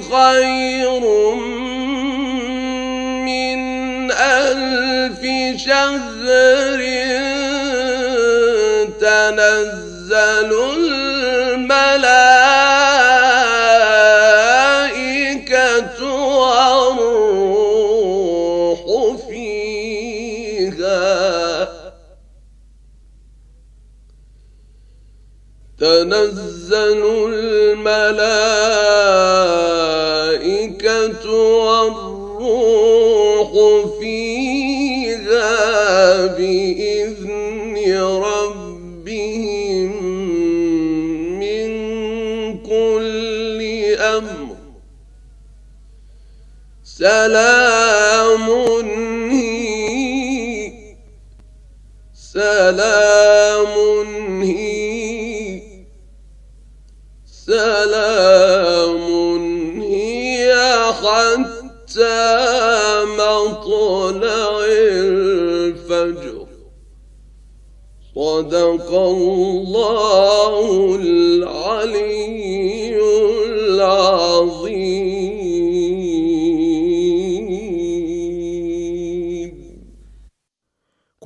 خير من ألف شهر تنزل الملائكة والروح فيها تنزل الملائكة سلام هي سلام هي سلام هي حتى مطلع الفجر صدق الله العظيم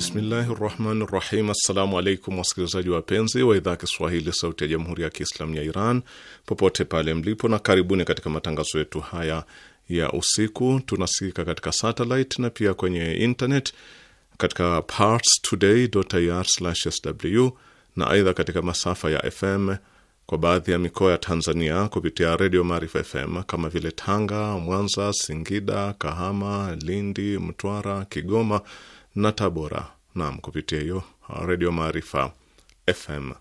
Bismillahi rahmani rahim. Assalamu alaikum wasikilizaji wapenzi wa idhaa Kiswahili sauti ya jamhuri ya Kiislamu ya Iran popote pale mlipo, na karibuni katika matangazo yetu haya ya usiku. Tunasikika katika satellite na pia kwenye internet katika parstoday.ir/sw na aidha katika masafa ya FM kwa baadhi ya mikoa ya Tanzania kupitia redio Maarifa FM kama vile Tanga, Mwanza, Singida, Kahama, Lindi, Mtwara, Kigoma na Tabora, naam, kupitia hiyo uh, Redio Maarifa FM.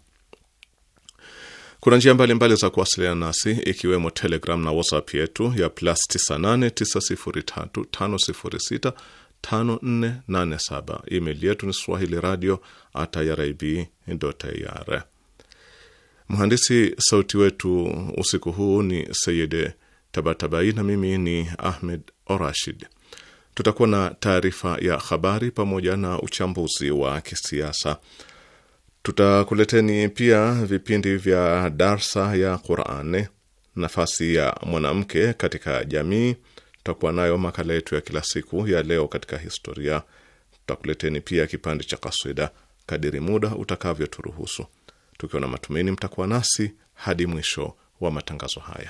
Kuna njia mbalimbali za kuwasiliana nasi ikiwemo Telegram na WhatsApp yetu ya plus 989035065487. Email yetu ni swahili radio at irib.ir. Mhandisi sauti wetu usiku huu ni Seyid Tabatabai na mimi ni Ahmed Orashid tutakuwa na taarifa ya habari pamoja na uchambuzi wa kisiasa. Tutakuleteni pia vipindi vya darsa ya Qur'ani, nafasi ya mwanamke katika jamii. Tutakuwa nayo makala yetu ya kila siku ya leo katika historia. Tutakuleteni pia kipande cha kaswida kadiri muda utakavyoturuhusu, tukiwa na matumaini mtakuwa nasi hadi mwisho wa matangazo haya.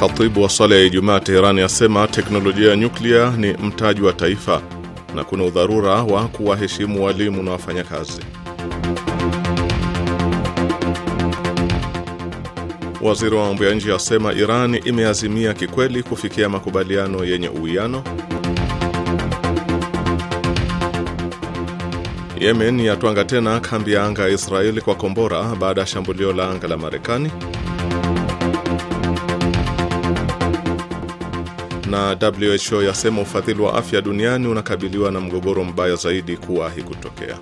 Khatibu wa swala ya Ijumaa Teherani asema teknolojia ya nyuklia ni mtaji wa taifa na kuna udharura wa kuwaheshimu walimu na wafanyakazi. Waziri wa mambo ya nje asema Iran imeazimia kikweli kufikia makubaliano yenye uwiano. Yemen yatwanga tena kambi ya anga ya Israeli kwa kombora baada ya shambulio la anga la Marekani. na WHO yasema ufadhili wa afya duniani unakabiliwa na mgogoro mbaya zaidi kuwahi kutokea.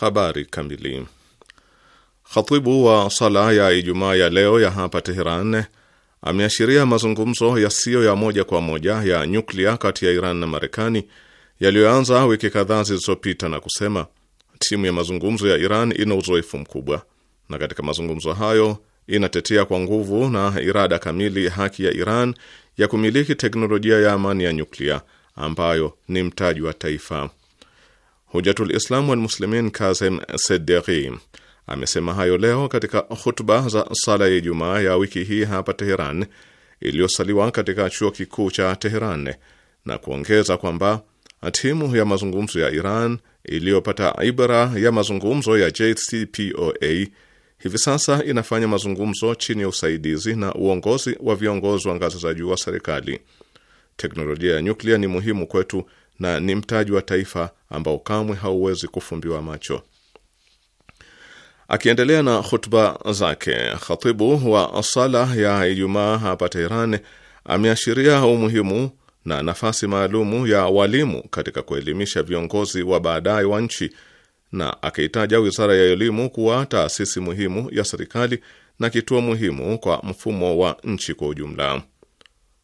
Habari kamili. Khatibu wa sala ya Ijumaa ya leo ya hapa Teheran ameashiria mazungumzo yasiyo ya moja kwa moja ya nyuklia kati ya Iran na Marekani yaliyoanza wiki kadhaa zilizopita na kusema timu ya mazungumzo ya Iran ina uzoefu mkubwa, na katika mazungumzo hayo inatetea kwa nguvu na irada kamili haki ya Iran ya kumiliki teknolojia ya amani ya nyuklia ambayo ni mtaji wa taifa. Hujatul Islam wal Muslimin Kazem Sederi amesema hayo leo katika hutuba za sala ya Ijumaa ya wiki hii hapa Teheran iliyosaliwa katika chuo kikuu cha Teheran na kuongeza kwamba timu ya mazungumzo ya Iran iliyopata ibra ya mazungumzo ya JCPOA hivi sasa inafanya mazungumzo chini ya usaidizi na uongozi wa viongozi wa ngazi za juu wa serikali. Teknolojia ya nyuklia ni muhimu kwetu na ni mtaji wa taifa ambao kamwe hauwezi kufumbiwa macho. Akiendelea na hutuba zake, khatibu wa sala ya Ijumaa hapa Teheran ameashiria umuhimu na nafasi maalumu ya walimu katika kuelimisha viongozi wa baadaye wa nchi na akihitaja Wizara ya Elimu kuwa taasisi muhimu ya serikali na kituo muhimu kwa mfumo wa nchi kwa ujumla.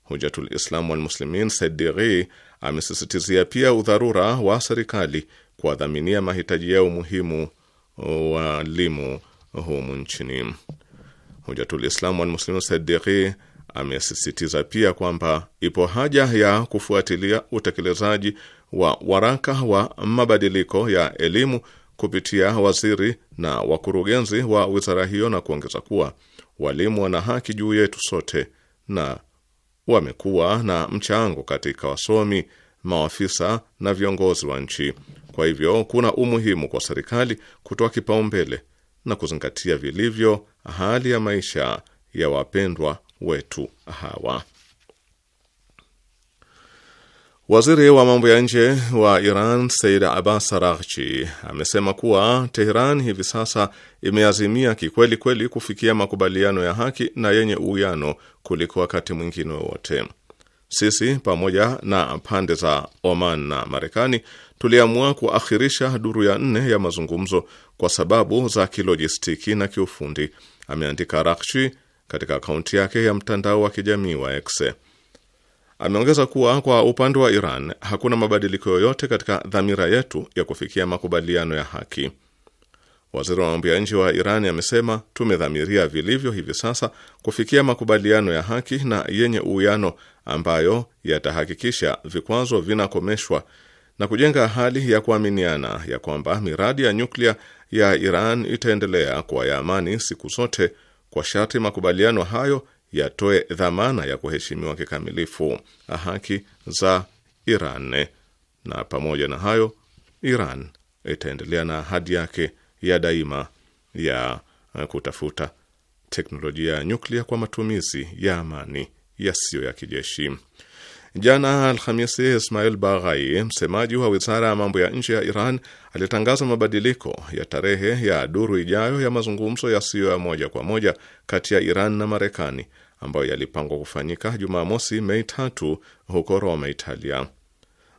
Hujatul Islam wal Muslimin Said Diri amesisitizia pia udharura wa serikali kuwadhaminia mahitaji yao muhimu walimu humu nchini. Hujatul Islam wal Muslimin Said Diri Amesisitiza pia kwamba ipo haja ya kufuatilia utekelezaji wa waraka wa mabadiliko ya elimu kupitia waziri na wakurugenzi wa wizara hiyo, na kuongeza kuwa walimu wana haki juu yetu sote na wamekuwa na mchango katika wasomi, maafisa na viongozi wa nchi. Kwa hivyo kuna umuhimu kwa serikali kutoa kipaumbele na kuzingatia vilivyo hali ya maisha ya wapendwa wetu hawa. Waziri wa mambo ya nje wa Iran Said Abbas Araghchi amesema kuwa Teheran hivi sasa imeazimia kikweli kweli kufikia makubaliano ya haki na yenye uwiano kuliko wakati mwingine wowote. Sisi pamoja na pande za Oman na Marekani tuliamua kuakhirisha duru ya nne ya mazungumzo kwa sababu za kilojistiki na kiufundi, ameandika Araghchi katika akaunti yake ya mtandao wa kijamii wa X. Ameongeza kuwa kwa upande wa Iran hakuna mabadiliko yoyote katika dhamira yetu ya kufikia makubaliano ya haki. Waziri wa mambo ya nje wa Iran amesema tumedhamiria vilivyo hivi sasa kufikia makubaliano ya haki na yenye uwiano ambayo yatahakikisha vikwazo vinakomeshwa na kujenga hali ya kuaminiana ya kwamba miradi ya nyuklia ya Iran itaendelea kwa ya amani siku zote kwa sharti makubaliano hayo yatoe dhamana ya kuheshimiwa kikamilifu haki za Iran, na pamoja na hayo Iran itaendelea na ahadi yake ya daima ya kutafuta teknolojia ya nyuklia kwa matumizi ya amani yasiyo ya kijeshi. Jana Alhamisi, Ismail Baghai, msemaji wa wizara ya mambo ya nje ya Iran, alitangaza mabadiliko ya tarehe ya duru ijayo ya mazungumzo yasiyo ya moja kwa moja kati ya Iran na Marekani ambayo yalipangwa kufanyika Jumamosi, Mei tatu huko Roma, Italia.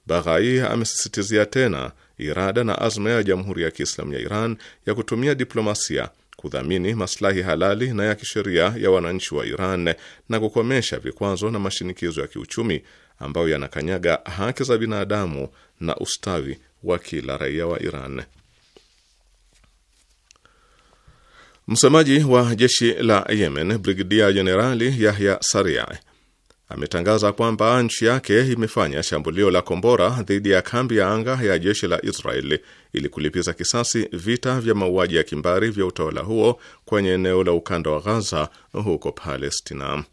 Baghai amesisitizia tena irada na azma ya Jamhuri ya Kiislamu ya Iran ya kutumia diplomasia kudhamini maslahi halali na ya kisheria ya wananchi wa Iran na kukomesha vikwazo na mashinikizo ya kiuchumi ambayo yanakanyaga haki za binadamu na ustawi wa kila raia wa Iran. Msemaji wa jeshi la Yemen, Brigidia Jenerali Yahya Saria ametangaza kwamba nchi yake imefanya shambulio la kombora dhidi ya kambi ya anga ya jeshi la Israeli ili kulipiza kisasi vita vya mauaji ya kimbari vya utawala huo kwenye eneo la ukanda wa Ghaza huko Palestina.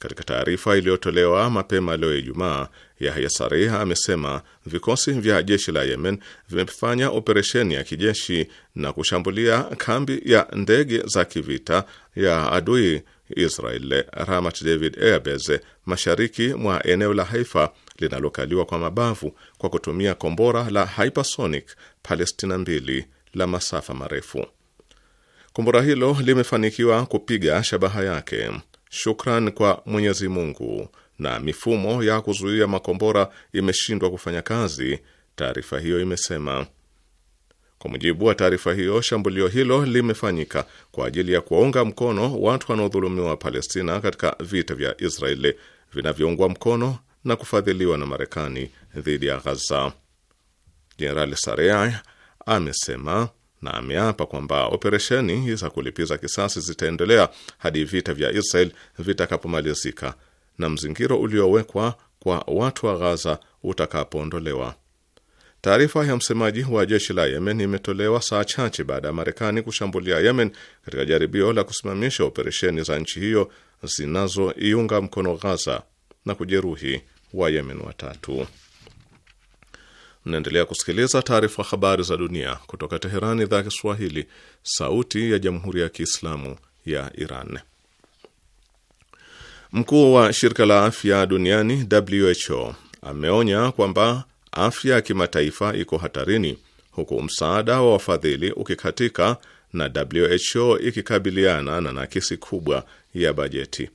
Katika taarifa iliyotolewa mapema leo Ijumaa, Yahya Sariha amesema vikosi vya jeshi la Yemen vimefanya operesheni ya kijeshi na kushambulia kambi ya ndege za kivita ya adui Israel Ramat David Airbase mashariki mwa eneo la Haifa linalokaliwa kwa mabavu kwa kutumia kombora la hypersonic Palestina 2 la masafa marefu. Kombora hilo limefanikiwa kupiga shabaha yake Shukran kwa Mwenyezi Mungu na mifumo ya kuzuia makombora imeshindwa kufanya kazi, taarifa hiyo imesema. Kwa mujibu wa taarifa hiyo, shambulio hilo limefanyika kwa ajili ya kuwaunga mkono watu wanaodhulumiwa wa Palestina katika vita vya Israeli vinavyoungwa mkono na kufadhiliwa na Marekani dhidi ya Ghaza. Jenerali Sarea amesema na ameapa kwamba operesheni za kulipiza kisasi zitaendelea hadi vita vya Israel vitakapomalizika na mzingiro uliowekwa kwa watu wa Gaza utakapoondolewa. Taarifa ya msemaji wa jeshi la Yemen imetolewa saa chache baada ya Marekani kushambulia Yemen katika jaribio la kusimamisha operesheni za nchi hiyo zinazoiunga mkono Gaza na kujeruhi wa Yemen watatu. Mnaendelea kusikiliza taarifa habari za dunia kutoka Teherani, idhaa ya Kiswahili, sauti ya jamhuri ya kiislamu ya Iran. Mkuu wa shirika la afya duniani WHO ameonya kwamba afya ya kimataifa iko hatarini, huku msaada wa wafadhili ukikatika na WHO ikikabiliana na nakisi kubwa ya bajeti.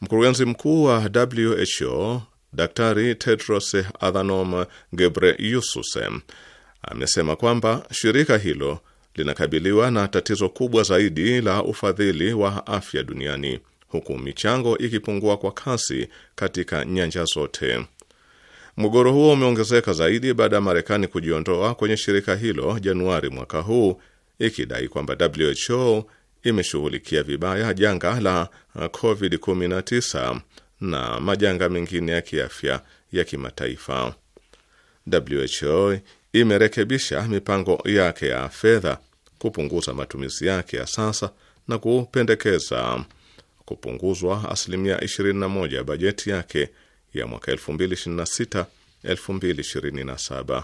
Mkurugenzi mkuu wa WHO Daktari Tedros Adhanom Ghebreyesus amesema kwamba shirika hilo linakabiliwa na tatizo kubwa zaidi la ufadhili wa afya duniani huku michango ikipungua kwa kasi katika nyanja zote. Mgogoro huo umeongezeka zaidi baada ya Marekani kujiondoa kwenye shirika hilo Januari mwaka huu ikidai kwamba WHO imeshughulikia vibaya janga la COVID-19 na majanga mengine ya kiafya ya kimataifa. WHO imerekebisha mipango yake ya fedha kupunguza matumizi yake ya sasa na kupendekeza kupunguzwa asilimia 21 bajeti yake ya mwaka 2026 2027.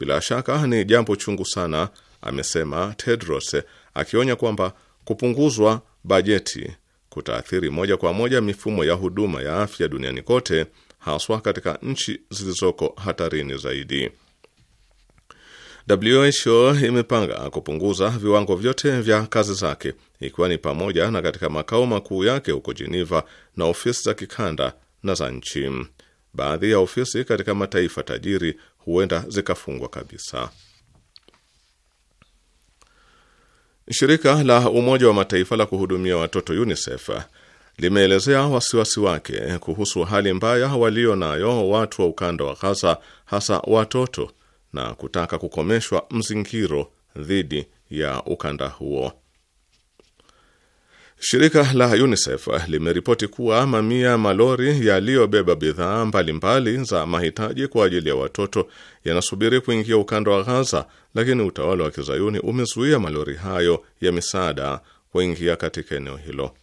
Bila shaka ni jambo chungu sana, amesema Tedros akionya kwamba kupunguzwa bajeti kutaathiri moja kwa moja mifumo ya huduma ya afya duniani kote, haswa katika nchi zilizoko hatarini zaidi. WHO imepanga kupunguza viwango vyote vya kazi zake ikiwa ni pamoja na katika makao makuu yake huko Geneva na ofisi za kikanda na za nchi. Baadhi ya ofisi katika mataifa tajiri huenda zikafungwa kabisa. Shirika la Umoja wa Mataifa la kuhudumia watoto UNICEF limeelezea wasiwasi wake kuhusu hali mbaya walio nayo watu wa ukanda wa Ghaza, hasa watoto, na kutaka kukomeshwa mzingiro dhidi ya ukanda huo. Shirika la UNICEF limeripoti kuwa mamia malori yaliyobeba bidhaa mbalimbali za mahitaji kwa ajili ya watoto yanasubiri kuingia ukanda wa Ghaza, lakini utawala wa kizayuni umezuia malori hayo ya misaada kuingia katika eneo hilo.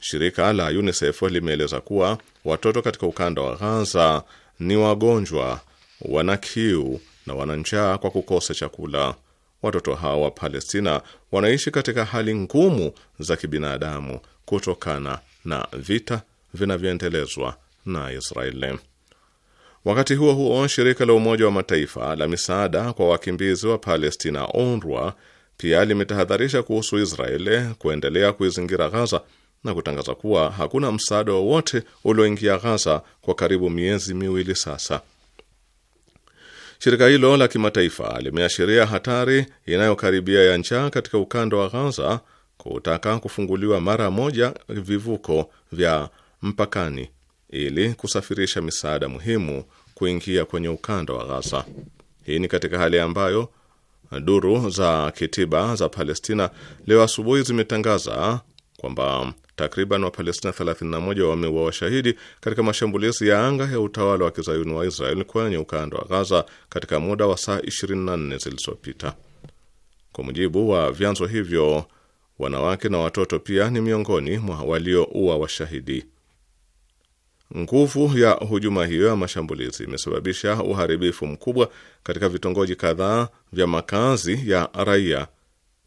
Shirika la UNICEF limeeleza kuwa watoto katika ukanda wa Ghaza ni wagonjwa, wana kiu na wana njaa kwa kukosa chakula. Watoto hao wa Palestina wanaishi katika hali ngumu za kibinadamu kutokana na vita vinavyoendelezwa na Israeli. Wakati huo huo, shirika la Umoja wa Mataifa la misaada kwa wakimbizi wa Palestina, UNRWA, pia limetahadharisha kuhusu Israeli kuendelea kuizingira Ghaza na kutangaza kuwa hakuna msaada wowote ulioingia Ghaza kwa karibu miezi miwili sasa. Shirika hilo la kimataifa limeashiria hatari inayokaribia ya njaa katika ukanda wa Ghaza, kutaka kufunguliwa mara moja vivuko vya mpakani ili kusafirisha misaada muhimu kuingia kwenye ukanda wa Ghaza. Hii ni katika hali ambayo duru za kitiba za Palestina leo asubuhi zimetangaza kwamba Takriban Wapalestina 31 wameuawa washahidi katika mashambulizi ya anga ya utawala wa kizayuni wa Israel kwenye ukanda wa Gaza katika muda wa saa 24 zilizopita. Kwa mujibu wa vyanzo hivyo, wanawake na watoto pia ni miongoni mwa walioua washahidi. Nguvu ya hujuma hiyo ya mashambulizi imesababisha uharibifu mkubwa katika vitongoji kadhaa vya makazi ya raia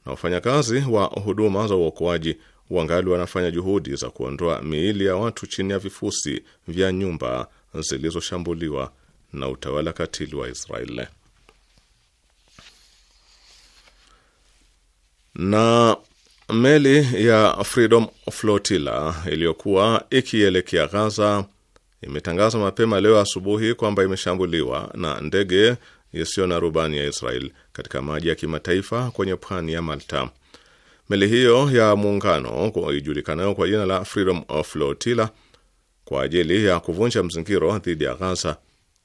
na wafanyakazi wa huduma za uokoaji wangali wanafanya juhudi za kuondoa miili ya watu chini ya vifusi vya nyumba zilizoshambuliwa na utawala katili wa Israeli. Na meli ya Freedom Flotilla iliyokuwa ikielekea Gaza imetangaza mapema leo asubuhi kwamba imeshambuliwa na ndege isiyo na rubani ya Israel katika maji ya kimataifa kwenye pwani ya Malta. Meli hiyo ya muungano ijulikanayo kwa jina la Freedom of Flotilla kwa ajili ya kuvunja mzingiro dhidi ya Gaza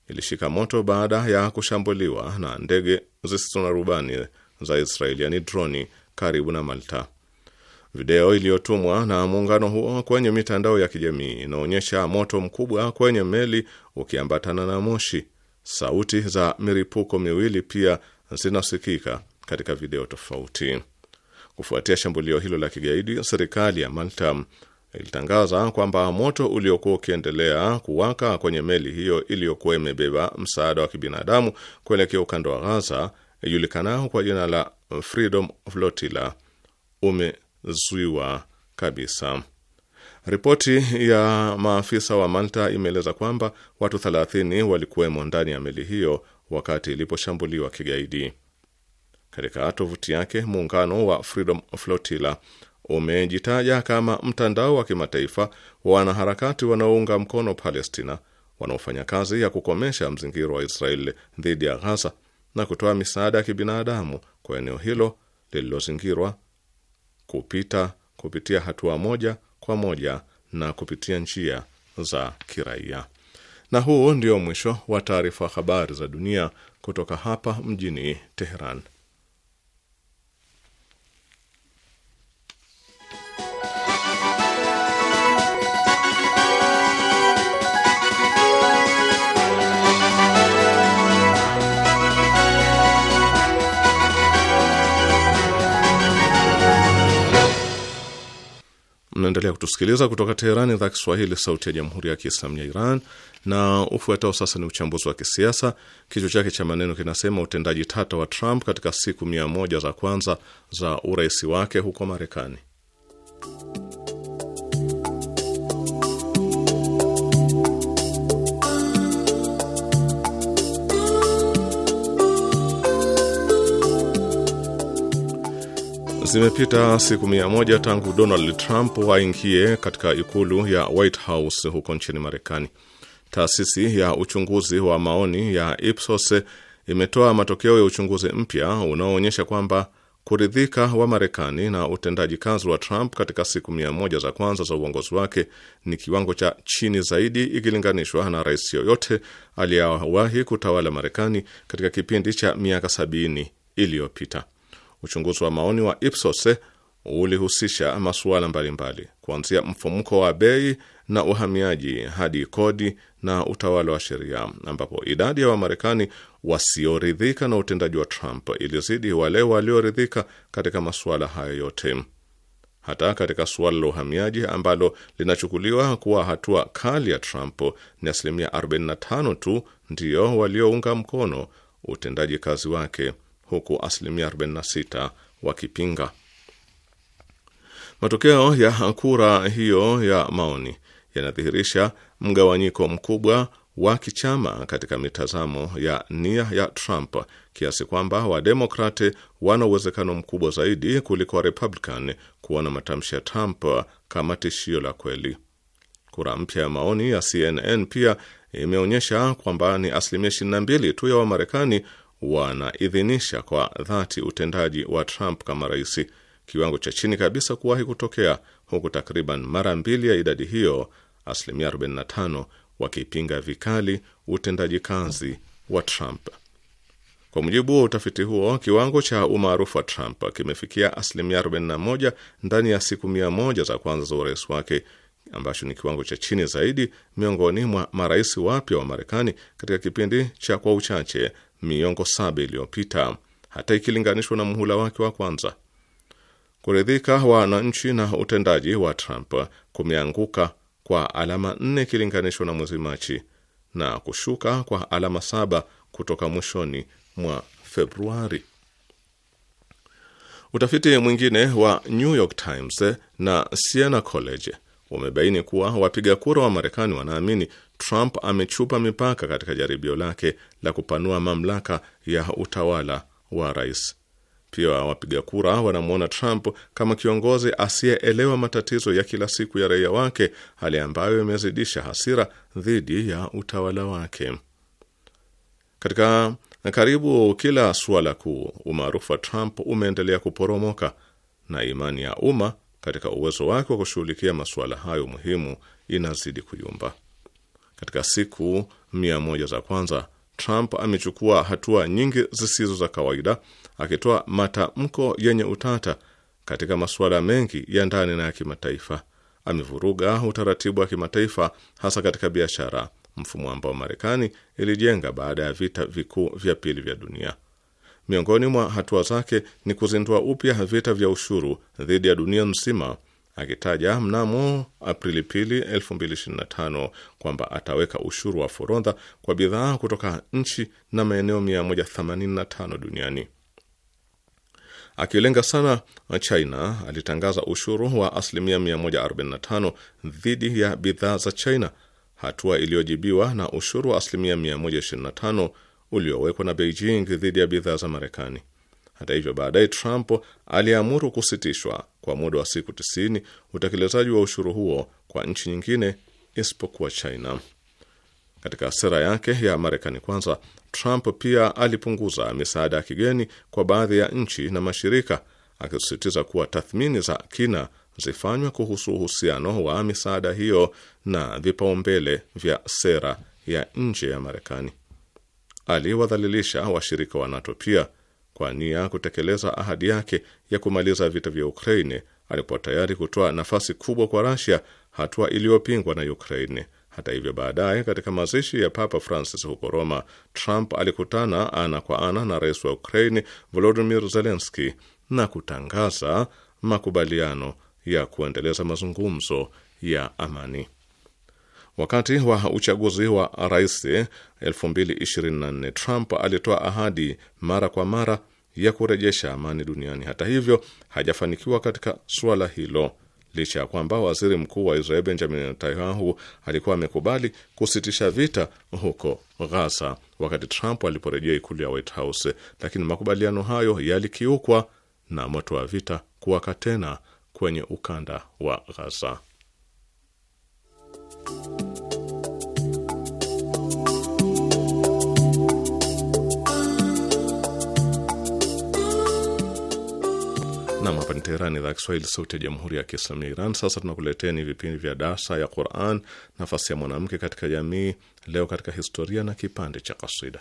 ilishika moto baada ya kushambuliwa na ndege zisizo na rubani za Israeli, yani droni, karibu na Malta. Video iliyotumwa na muungano huo kwenye mitandao ya kijamii inaonyesha moto mkubwa kwenye meli ukiambatana na moshi. Sauti za milipuko miwili pia zinasikika katika video tofauti. Kufuatia shambulio hilo la kigaidi, serikali ya Malta ilitangaza kwamba moto uliokuwa ukiendelea kuwaka kwenye meli hiyo iliyokuwa imebeba msaada wa kibinadamu kuelekea ukanda wa Ghaza ijulikanao kwa jina la Freedom Flotilla umezuiwa kabisa. Ripoti ya maafisa wa Malta imeeleza kwamba watu 30 walikuwemo ndani ya meli hiyo wakati iliposhambuliwa kigaidi. Katika tovuti yake, muungano wa Freedom Flotilla umejitaja kama mtandao wa kimataifa wa wanaharakati wanaounga mkono Palestina wanaofanya kazi ya kukomesha mzingiro wa Israeli dhidi ya Ghaza na kutoa misaada ya kibinadamu kwa eneo hilo lililozingirwa kupita kupitia hatua moja kwa moja na kupitia njia za kiraia. Na huu ndio mwisho wa taarifa habari za dunia kutoka hapa mjini Teheran. Mnaendelea kutusikiliza kutoka Teherani, idhaa Kiswahili, sauti ya jamhuri ya kiislamu ya Iran. Na ufuatao sasa ni uchambuzi wa kisiasa, kichwa chake cha maneno kinasema utendaji tata wa Trump katika siku mia moja za kwanza za urais wake huko Marekani. Zimepita siku mia moja tangu Donald Trump aingie katika ikulu ya White House huko nchini Marekani. Taasisi ya uchunguzi wa maoni ya Ipsos imetoa matokeo ya uchunguzi mpya unaoonyesha kwamba kuridhika wa Marekani na utendaji kazi wa Trump katika siku mia moja za kwanza za uongozi wake ni kiwango cha chini zaidi ikilinganishwa na rais yoyote aliyewahi kutawala Marekani katika kipindi cha miaka sabini iliyopita. Uchunguzi wa maoni wa Ipsos ulihusisha masuala mbalimbali kuanzia mfumuko wa bei na uhamiaji hadi kodi na utawala wa sheria, ambapo idadi ya Wamarekani wasioridhika na utendaji wa Trump ilizidi wale walioridhika katika masuala hayo yote. Hata katika suala la uhamiaji ambalo linachukuliwa kuwa hatua kali ya Trump, ni asilimia 45 tu ndiyo waliounga mkono utendaji kazi wake huku asilimia 46 wakipinga. Matokeo ya kura hiyo ya maoni yanadhihirisha mgawanyiko mkubwa wa kichama katika mitazamo ya nia ya Trump kiasi kwamba Wademokrati wana uwezekano mkubwa zaidi kuliko Warepublican kuona matamshi ya Trump kama tishio la kweli. Kura mpya ya maoni ya CNN pia imeonyesha kwamba ni asilimia 22 tu ya Wamarekani wanaidhinisha kwa dhati utendaji wa Trump kama rais, kiwango cha chini kabisa kuwahi kutokea, huku takriban mara mbili ya idadi hiyo, asilimia 45, wakipinga vikali utendaji kazi wa Trump. Kwa mujibu wa utafiti huo, kiwango cha umaarufu wa Trump kimefikia asilimia 41 ndani ya siku mia moja za kwanza za urais wake, ambacho ni kiwango cha chini zaidi miongoni mwa marais wapya wa Marekani katika kipindi cha kwa uchache miongo saba iliyopita, hata ikilinganishwa na muhula wake wa kwanza. Kuridhika wananchi na utendaji wa Trump kumeanguka kwa alama nne ikilinganishwa na mwezi Machi na kushuka kwa alama saba kutoka mwishoni mwa Februari. Utafiti mwingine wa New York Times na Siena College umebaini kuwa wapiga kura wa Marekani wanaamini Trump amechupa mipaka katika jaribio lake la kupanua mamlaka ya utawala wa rais. Pia wapiga kura wanamwona Trump kama kiongozi asiyeelewa matatizo ya kila siku ya raia wake, hali ambayo imezidisha hasira dhidi ya utawala wake. Katika karibu kila suala kuu, umaarufu wa Trump umeendelea kuporomoka na imani ya umma katika uwezo wake wa kushughulikia masuala hayo muhimu inazidi kuyumba. Katika siku mia moja za kwanza, Trump amechukua hatua nyingi zisizo za kawaida, akitoa matamko yenye utata katika masuala mengi ya ndani na ya kimataifa. Amevuruga utaratibu wa kimataifa, hasa katika biashara, mfumo ambao Marekani ilijenga baada ya vita vikuu vya pili vya dunia. Miongoni mwa hatua zake ni kuzindua upya vita vya ushuru dhidi ya dunia nzima akitaja mnamo Aprili pili 2025 kwamba ataweka ushuru wa forodha kwa bidhaa kutoka nchi na maeneo 185 duniani. Akilenga sana China, alitangaza ushuru wa asilimia 145 dhidi ya bidhaa za China, hatua iliyojibiwa na ushuru wa asilimia 125 uliowekwa na Beijing dhidi ya bidhaa za Marekani. Hata hivyo, baadaye Trump aliamuru kusitishwa kwa muda wa siku tisini utekelezaji wa ushuru huo kwa nchi nyingine isipokuwa China. Katika sera yake ya Marekani kwanza, Trump pia alipunguza misaada ya kigeni kwa baadhi ya nchi na mashirika, akisisitiza kuwa tathmini za kina zifanywe kuhusu uhusiano wa misaada hiyo na vipaumbele vya sera ya nje ya Marekani. Aliwadhalilisha washirika wa NATO pia kwa nia kutekeleza ahadi yake ya kumaliza vita vya Ukraine alipo tayari kutoa nafasi kubwa kwa Russia, hatua iliyopingwa na Ukraine. Hata hivyo, baadaye katika mazishi ya Papa Francis huko Roma, Trump alikutana ana kwa ana na rais wa Ukraine Volodymyr Zelensky na kutangaza makubaliano ya kuendeleza mazungumzo ya amani. Wakati wa uchaguzi wa rais 2024 Trump alitoa ahadi mara kwa mara ya kurejesha amani duniani. Hata hivyo, hajafanikiwa katika suala hilo licha ya kwamba waziri mkuu wa Israel Benjamin Netanyahu alikuwa amekubali kusitisha vita huko ghaza wakati Trump aliporejea ikulu ya White House, lakini makubaliano hayo yalikiukwa na moto wa vita kuwaka tena kwenye ukanda wa ghaza Nam, hapa ni Teherani, idhaa Kiswahili, sauti ya jamhuri ya kiislamia Iran. Sasa tunakuletea ni vipindi vya darsa ya Quran, nafasi ya mwanamke katika jamii, leo katika historia, na kipande cha kasida.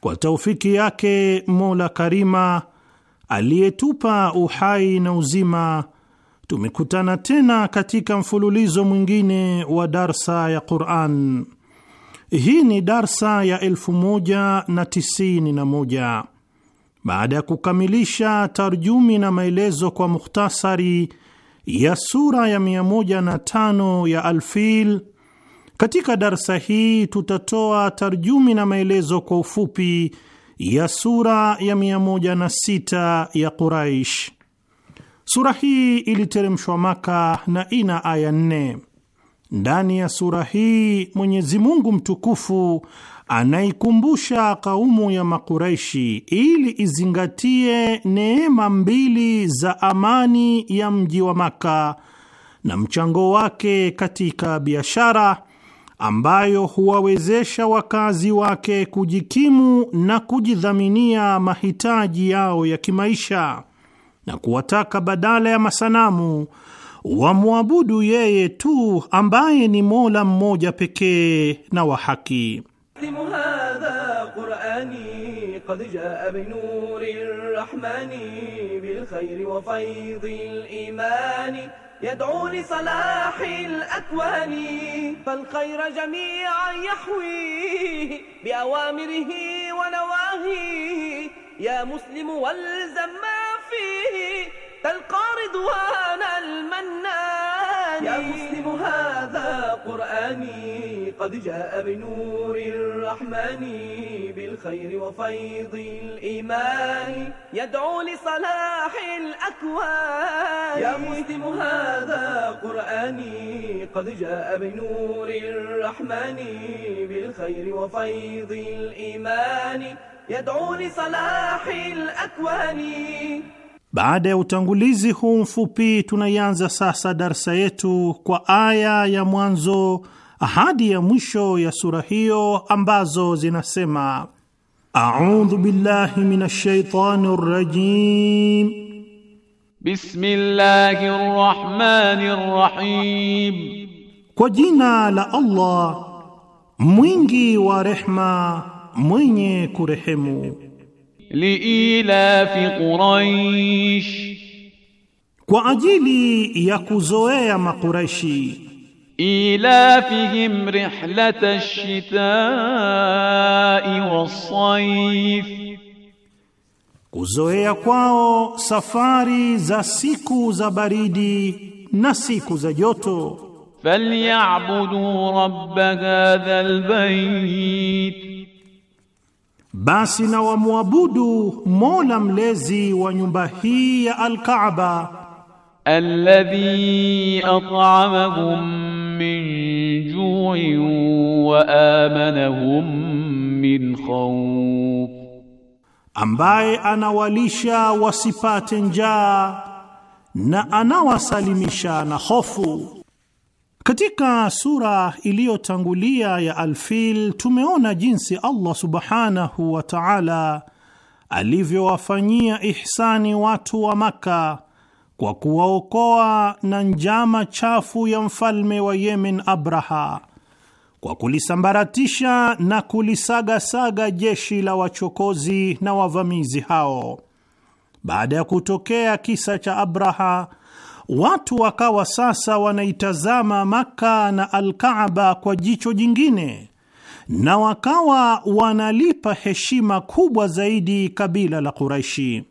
kwa taufiki yake Mola Karima aliyetupa uhai na uzima, tumekutana tena katika mfululizo mwingine wa darsa ya Quran. Hii ni darsa ya elfu moja na tisini na moja baada ya kukamilisha tarjumi na maelezo kwa mukhtasari ya sura ya mia moja na tano ya Alfil. Katika darsa hii tutatoa tarjumi na maelezo kwa ufupi ya sura ya 106 ya Quraish. Sura hii iliteremshwa Maka na ina aya nne. Ndani ya sura hii Mwenyezi Mungu mtukufu anaikumbusha kaumu ya Makuraishi ili izingatie neema mbili za amani ya mji wa Maka na mchango wake katika biashara ambayo huwawezesha wakazi wake kujikimu na kujidhaminia mahitaji yao ya kimaisha na kuwataka badala ya masanamu wamwabudu yeye tu ambaye ni Mola mmoja pekee na wa haki. يدعو لصلاح الأكوان فالخير جميعا يحوي بأوامره ونواهيه يا مسلم والزم ما فيه تلقى رضوان المنان يا مسلم هذا قرآني قد جاء بنور الرحمن بالخير وفيض الإيمان يدعو لصلاح الأكوان يا مسلم هذا قرآني قد جاء بنور الرحمن بالخير وفيض الإيمان يدعو لصلاح الأكوان Baada ya utangulizi huu mfupi, tunaianza sasa darsa yetu kwa aya ya mwanzo hadi ya mwisho ya sura hiyo ambazo zinasema: audhu billahi minash rajim rrajim, rahim, kwa jina la Allah mwingi wa rehma mwenye kurehemu liilafi Quraish, kwa ajili ya kuzoea Makuraishi. Ilafihim rihlata shitai was kuzoea kwao safari za siku za baridi na siku za joto. Falyabudu rabb hadha al basi na wamwabudu Mola mlezi wa nyumba hii ya Al-Kaaba, alladhi at'amahum min ju'in wa amanahum min khawf, ambaye anawalisha wasipate njaa na anawasalimisha na hofu. Katika sura iliyotangulia ya Alfil tumeona jinsi Allah subhanahu wa taala alivyowafanyia ihsani watu wa Makka kwa kuwaokoa na njama chafu ya mfalme wa Yemen Abraha, kwa kulisambaratisha na kulisagasaga jeshi la wachokozi na wavamizi hao. Baada ya kutokea kisa cha Abraha watu wakawa sasa wanaitazama Maka na Alkaaba kwa jicho jingine na wakawa wanalipa heshima kubwa zaidi kabila la Quraishi.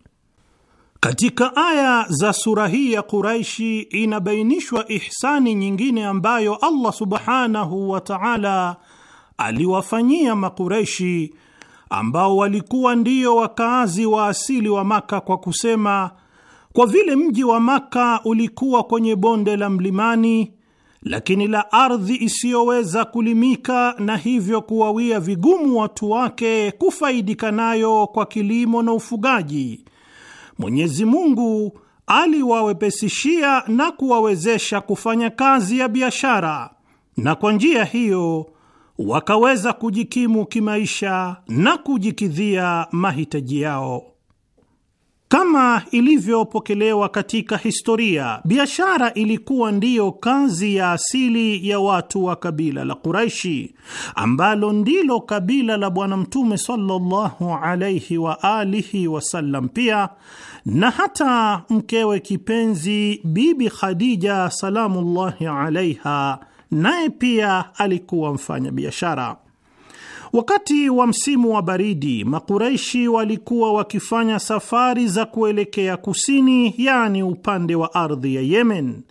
Katika aya za sura hii ya Quraishi inabainishwa ihsani nyingine ambayo Allah subhanahu wa taala aliwafanyia Makuraishi ambao walikuwa ndio wakaazi wa asili wa Maka kwa kusema kwa vile mji wa Maka ulikuwa kwenye bonde la mlimani, lakini la ardhi isiyoweza kulimika, na hivyo kuwawia vigumu watu wake kufaidika nayo kwa kilimo na ufugaji, Mwenyezi Mungu aliwawepesishia na kuwawezesha kufanya kazi ya biashara, na kwa njia hiyo wakaweza kujikimu kimaisha na kujikidhia mahitaji yao. Kama ilivyopokelewa katika historia, biashara ilikuwa ndiyo kazi ya asili ya watu wa kabila la Quraishi, ambalo ndilo kabila la Bwana Mtume sallallahu alaihi wa alihi wasallam pia, na hata mkewe kipenzi Bibi Khadija salamullahi alaiha, naye pia alikuwa mfanya biashara. Wakati wa msimu wa baridi, Makuraishi walikuwa wakifanya safari za kuelekea kusini, yaani upande wa ardhi ya Yemen,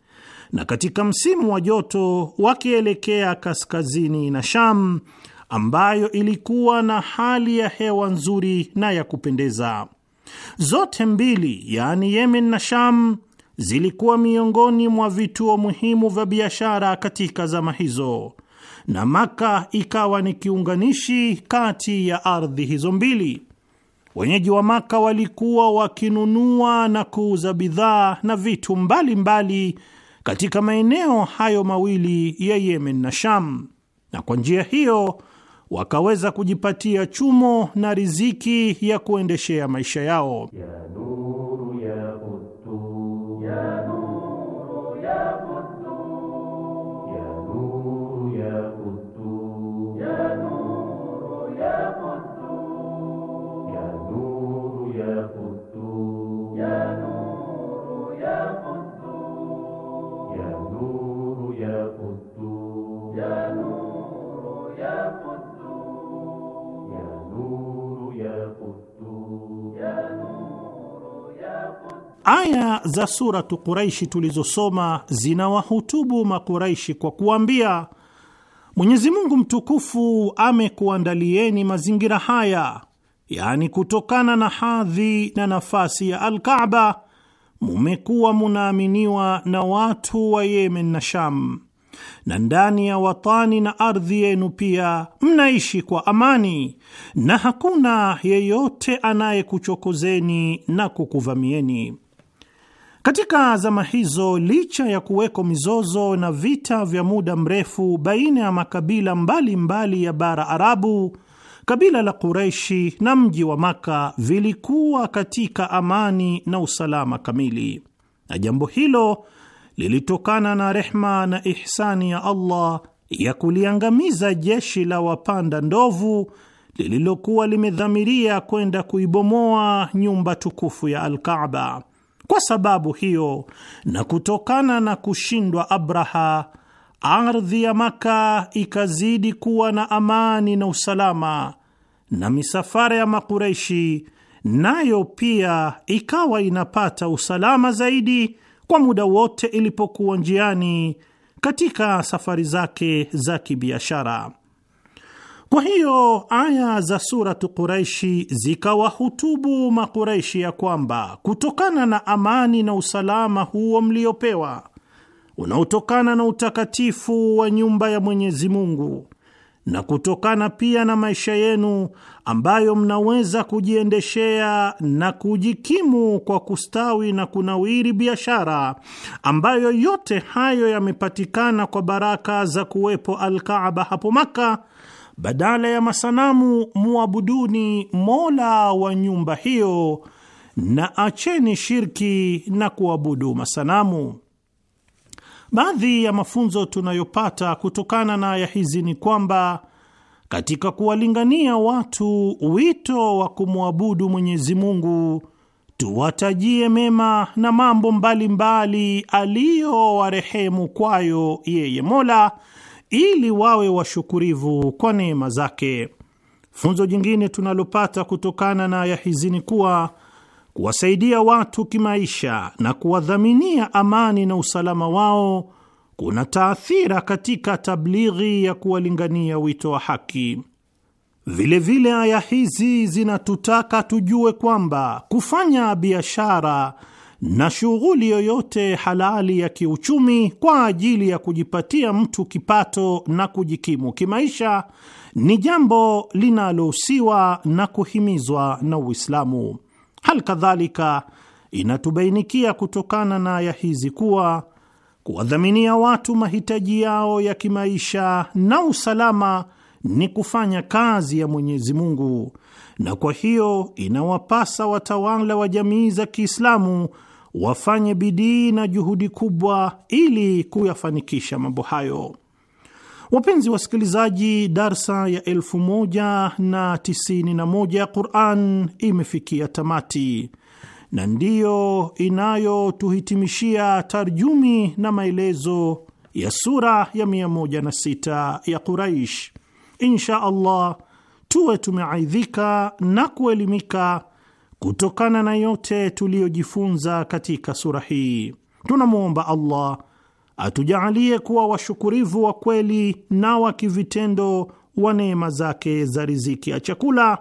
na katika msimu wa joto wakielekea kaskazini na Sham ambayo ilikuwa na hali ya hewa nzuri na ya kupendeza. Zote mbili, yaani Yemen na Sham, zilikuwa miongoni mwa vituo muhimu vya biashara katika zama hizo na Maka ikawa ni kiunganishi kati ya ardhi hizo mbili. Wenyeji wa Maka walikuwa wakinunua na kuuza bidhaa na vitu mbalimbali mbali katika maeneo hayo mawili ya Yemen na Sham, na kwa njia hiyo wakaweza kujipatia chumo na riziki ya kuendeshea maisha yao ya Aya za Suratu Quraishi tulizosoma zinawahutubu Makuraishi kwa kuambia Mwenyezi Mungu mtukufu amekuandalieni mazingira haya, yaani kutokana na hadhi na nafasi ya Alkaaba mumekuwa munaaminiwa na watu wa Yemen na Sham, na ndani ya watani na ardhi yenu pia mnaishi kwa amani, na hakuna yeyote anayekuchokozeni na kukuvamieni. Katika zama hizo, licha ya kuweko mizozo na vita vya muda mrefu baina ya makabila mbalimbali mbali ya bara Arabu, kabila la Quraishi na mji wa Maka vilikuwa katika amani na usalama kamili, na jambo hilo lilitokana na rehma na ihsani ya Allah ya kuliangamiza jeshi la wapanda ndovu lililokuwa limedhamiria kwenda kuibomoa nyumba tukufu ya Alkaaba. Kwa sababu hiyo na kutokana na kushindwa Abraha, ardhi ya Maka ikazidi kuwa na amani na usalama, na misafara ya Makureishi nayo pia ikawa inapata usalama zaidi kwa muda wote ilipokuwa njiani katika safari zake za kibiashara. Kwa hiyo aya za Suratu Quraishi zikawahutubu Makuraishi ya kwamba kutokana na amani na usalama huo mliopewa unaotokana na utakatifu wa nyumba ya Mwenyezi Mungu na kutokana pia na maisha yenu ambayo mnaweza kujiendeshea na kujikimu kwa kustawi na kunawiri biashara, ambayo yote hayo yamepatikana kwa baraka za kuwepo Alkaaba hapo Maka badala ya masanamu muabuduni Mola wa nyumba hiyo, na acheni shirki na kuabudu masanamu. Baadhi ya mafunzo tunayopata kutokana na aya hizi ni kwamba katika kuwalingania watu wito wa kumwabudu Mwenyezi Mungu, tuwatajie mema na mambo mbalimbali aliyowarehemu kwayo yeye Mola ili wawe washukurivu kwa neema zake. Funzo jingine tunalopata kutokana na aya hizi ni kuwa kuwasaidia watu kimaisha na kuwadhaminia amani na usalama wao kuna taathira katika tablighi ya kuwalingania wito wa haki. Vilevile aya hizi zinatutaka tujue kwamba kufanya biashara na shughuli yoyote halali ya kiuchumi kwa ajili ya kujipatia mtu kipato na kujikimu kimaisha ni jambo linalohusiwa na kuhimizwa na Uislamu. Hal kadhalika inatubainikia kutokana na aya hizi kuwa kuwadhaminia watu mahitaji yao ya kimaisha na usalama ni kufanya kazi ya Mwenyezi Mungu, na kwa hiyo inawapasa watawala wa jamii za Kiislamu wafanye bidii na juhudi kubwa ili kuyafanikisha mambo hayo. Wapenzi wasikilizaji, darsa ya elfu ya Quran imefikia tamati na ndiyo inayotuhitimishia tarjumi na maelezo ya sura ya 106 ya Quraish. Insha Allah tuwe tumeaidhika na kuelimika Kutokana na yote tuliyojifunza katika sura hii, tunamwomba Allah atujaalie kuwa washukurivu wa kweli na wa kivitendo wa neema zake za riziki ya chakula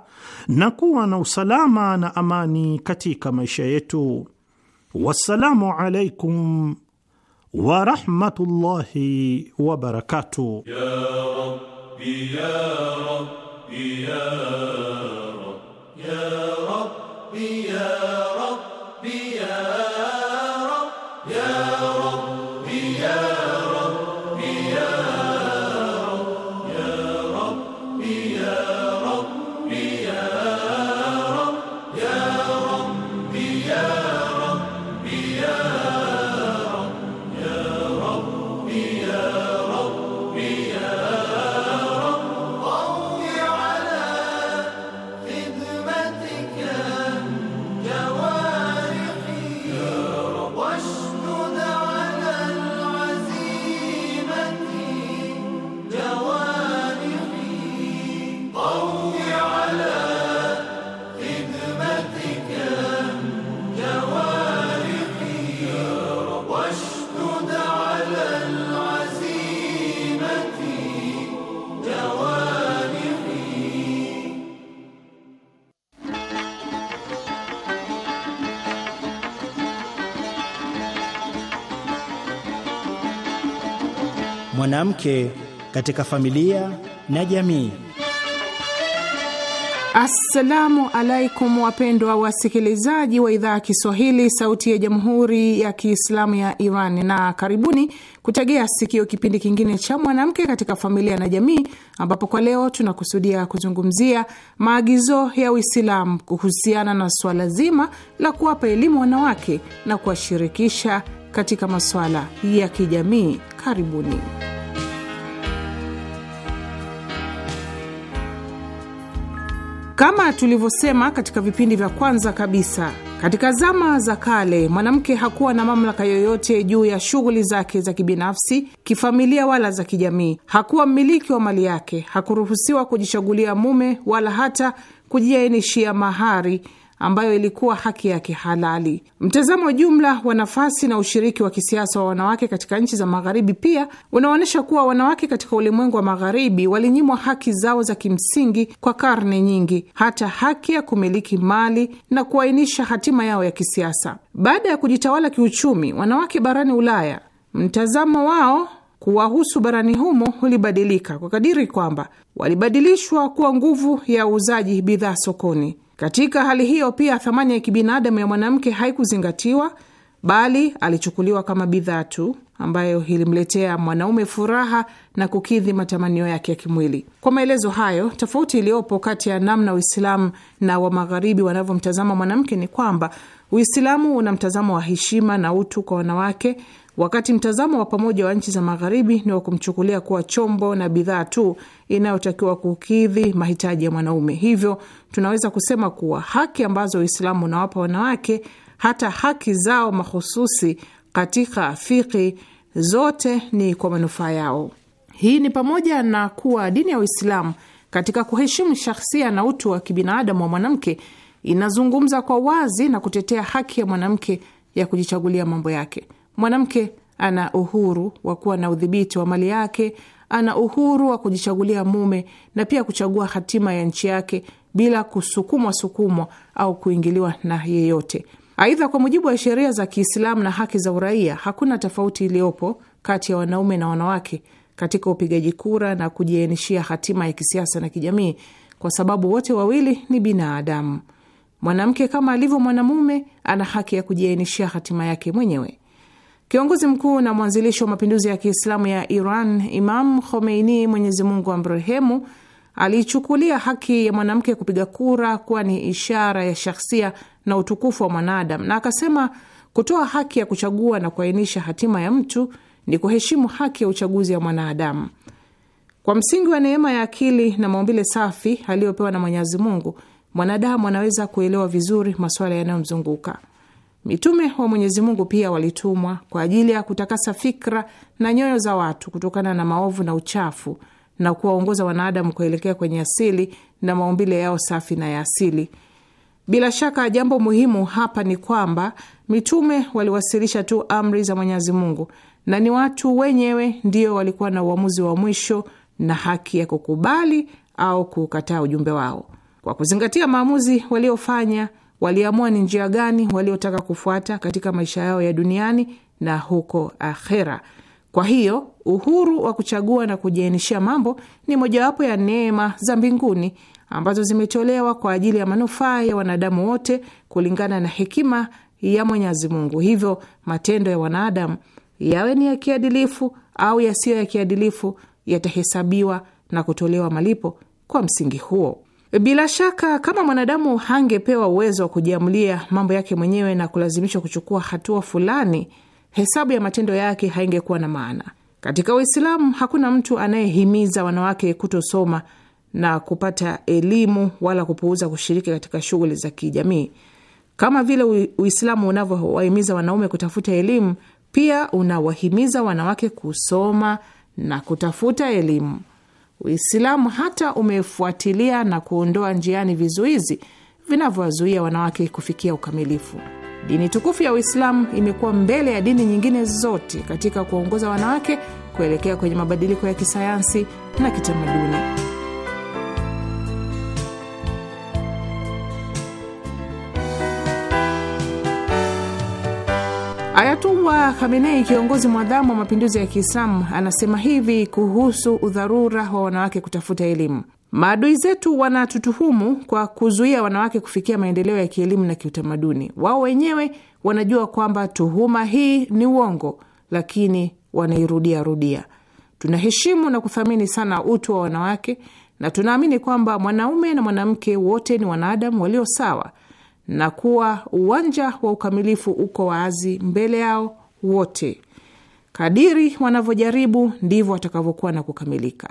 na kuwa na usalama na amani katika maisha yetu. Wassalamu alaikum warahmatullahi wabarakatuh. Ya Rabbi, ya Rabbi, ya Rabbi, ya Rabbi. ربي يا رب يا رب يا رب mwanamke katika familia na jamii. Assalamu alaikum wapendwa wasikilizaji wa idhaa ya Kiswahili sauti ya jamhuri ya Kiislamu ya Iran, na karibuni kutegea sikio kipindi kingine cha mwanamke katika familia na jamii, ambapo kwa leo tunakusudia kuzungumzia maagizo ya Uislamu kuhusiana na swala zima la kuwapa elimu wanawake na kuwashirikisha katika masuala ya kijamii. Karibuni. Kama tulivyosema katika vipindi vya kwanza kabisa, katika zama za kale mwanamke hakuwa na mamlaka yoyote juu ya shughuli zake za kibinafsi, kifamilia, wala za kijamii. Hakuwa mmiliki wa mali yake, hakuruhusiwa kujichagulia mume wala hata kujiainishia mahari ambayo ilikuwa haki yake halali. Mtazamo jumla wa nafasi na ushiriki wa kisiasa wa wanawake katika nchi za Magharibi pia unaonyesha kuwa wanawake katika ulimwengu wa Magharibi walinyimwa haki zao za kimsingi kwa karne nyingi, hata haki ya kumiliki mali na kuainisha hatima yao ya kisiasa. Baada ya kujitawala kiuchumi wanawake barani Ulaya, mtazamo wao kuwahusu barani humo ulibadilika kwa kadiri kwamba walibadilishwa kuwa nguvu ya uuzaji bidhaa sokoni. Katika hali hiyo pia thamani ya kibinadamu ya mwanamke haikuzingatiwa, bali alichukuliwa kama bidhaa tu ambayo ilimletea mwanaume furaha na kukidhi matamanio yake ya kimwili. Kwa maelezo hayo, tofauti iliyopo kati ya namna Uislamu na wa Magharibi wanavyomtazama mwanamke ni kwamba Uislamu una mtazamo wa heshima na utu kwa wanawake wakati mtazamo wa pamoja wa nchi za Magharibi ni wa kumchukulia kuwa chombo na bidhaa tu inayotakiwa kukidhi mahitaji ya mwanaume. Hivyo tunaweza kusema kuwa haki ambazo Uislamu unawapa wanawake, hata haki zao mahususi katika fiki, zote ni kwa manufaa yao. Hii ni pamoja na kuwa dini ya Uislamu katika kuheshimu shahsia na utu wa kibinadamu wa mwanamke inazungumza kwa wazi na kutetea haki ya mwanamke ya kujichagulia mambo yake. Mwanamke ana uhuru wa kuwa na udhibiti wa mali yake, ana uhuru wa kujichagulia mume na pia kuchagua hatima ya nchi yake bila kusukumwa sukumwa au kuingiliwa na yeyote. Aidha, kwa mujibu wa sheria za Kiislamu na haki za uraia, hakuna tofauti iliyopo kati ya wanaume na wanawake katika upigaji kura na kujiainishia hatima ya kisiasa na kijamii, kwa sababu wote wawili ni binadamu. Mwanamke kama alivyo mwanamume ana haki ya kujiainishia hatima yake mwenyewe. Kiongozi mkuu na mwanzilishi wa mapinduzi ya Kiislamu ya Iran, Imam Khomeini, Mwenyezi Mungu amrehemu, aliichukulia haki ya mwanamke kupiga kura kuwa ni ishara ya shahsia na utukufu wa mwanadamu, na akasema kutoa haki ya kuchagua na kuainisha hatima ya mtu ni kuheshimu haki ya uchaguzi ya mwanadamu. Kwa msingi wa neema ya akili na maumbile safi aliyopewa na Mwenyezi Mungu, mwanadamu anaweza kuelewa vizuri masuala yanayomzunguka. Mitume wa Mwenyezi Mungu pia walitumwa kwa ajili ya kutakasa fikra na nyoyo za watu kutokana na maovu na uchafu na kuwaongoza wanadamu kuelekea kwenye asili na maumbile yao safi na ya asili. Bila shaka jambo muhimu hapa ni kwamba mitume waliwasilisha tu amri za Mwenyezi Mungu na ni watu wenyewe ndio walikuwa na uamuzi wa mwisho na haki ya kukubali au kukataa ujumbe wao. Kwa kuzingatia maamuzi waliofanya waliamua ni njia gani waliotaka kufuata katika maisha yao ya duniani na huko akhera. Kwa hiyo uhuru wa kuchagua na kujiainishia mambo ni mojawapo ya neema za mbinguni ambazo zimetolewa kwa ajili ya manufaa ya wanadamu wote kulingana na hekima ya Mwenyezi Mungu. Hivyo matendo ya wanadamu yawe ni ya kiadilifu au yasiyo ya kiadilifu, yatahesabiwa na kutolewa malipo kwa msingi huo. Bila shaka kama mwanadamu hangepewa uwezo wa kujiamulia mambo yake mwenyewe na kulazimishwa kuchukua hatua fulani, hesabu ya matendo yake haingekuwa na maana. Katika Uislamu hakuna mtu anayehimiza wanawake kutosoma na kupata elimu wala kupuuza kushiriki katika shughuli za kijamii. Kama vile Uislamu unavyowahimiza wanaume kutafuta elimu, pia unawahimiza wanawake kusoma na kutafuta elimu. Uislamu hata umefuatilia na kuondoa njiani vizuizi vinavyowazuia wanawake kufikia ukamilifu. Dini tukufu ya Uislamu imekuwa mbele ya dini nyingine zote katika kuwaongoza wanawake kuelekea kwenye mabadiliko ya kisayansi na kitamaduni. Ayatullah Khamenei, kiongozi mwadhamu wa mapinduzi ya Kiislamu, anasema hivi kuhusu udharura wa wanawake kutafuta elimu: maadui zetu wanatutuhumu kwa kuzuia wanawake kufikia maendeleo ya kielimu na kiutamaduni. Wao wenyewe wanajua kwamba tuhuma hii ni uongo, lakini wanairudia rudia. Tunaheshimu na kuthamini sana utu wa wanawake na tunaamini kwamba mwanaume na mwanamke wote ni wanadamu walio sawa na kuwa uwanja wa ukamilifu uko wazi mbele yao wote. Kadiri wanavyojaribu ndivyo watakavyokuwa na kukamilika.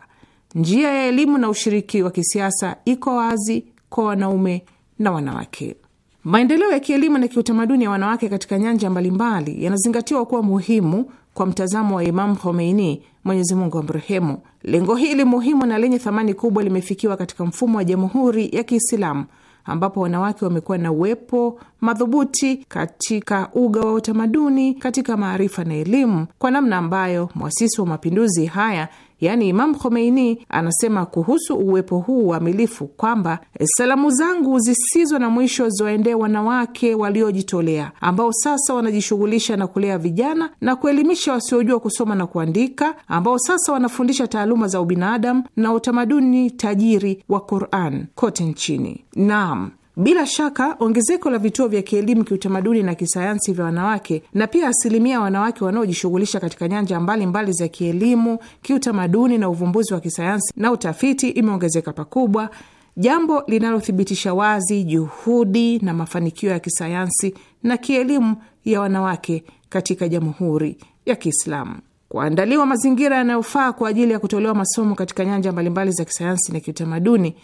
Njia ya elimu na ushiriki wa kisiasa iko wazi kwa wanaume na wanawake. Maendeleo ya kielimu na kiutamaduni ya wanawake katika nyanja mbalimbali yanazingatiwa kuwa muhimu kwa mtazamo wa Imam Khomeini, Mwenyezi Mungu amrehemu. Lengo hili muhimu na lenye thamani kubwa limefikiwa katika mfumo wa Jamhuri ya Kiislamu ambapo wanawake wamekuwa na uwepo madhubuti katika uga wa utamaduni, katika maarifa na elimu, kwa namna ambayo mwasisi wa mapinduzi haya yaani Imam Khomeini anasema kuhusu uwepo huu uamilifu kwamba eh, salamu zangu zisizo na mwisho ziwaendee wanawake waliojitolea ambao sasa wanajishughulisha na kulea vijana na kuelimisha wasiojua kusoma na kuandika, ambao sasa wanafundisha taaluma za ubinadamu na utamaduni tajiri wa Quran kote nchini. Naam, bila shaka ongezeko la vituo vya kielimu, kiutamaduni na kisayansi vya wanawake na pia asilimia ya wanawake wanaojishughulisha katika nyanja mbalimbali mbali za kielimu, kiutamaduni na uvumbuzi wa kisayansi na utafiti imeongezeka pakubwa, jambo linalothibitisha wazi juhudi na mafanikio ya kisayansi na kielimu ya wanawake katika Jamhuri ya Kiislamu. Kuandaliwa mazingira yanayofaa kwa ajili ya kutolewa masomo katika nyanja mbalimbali za kisayansi na kiutamaduni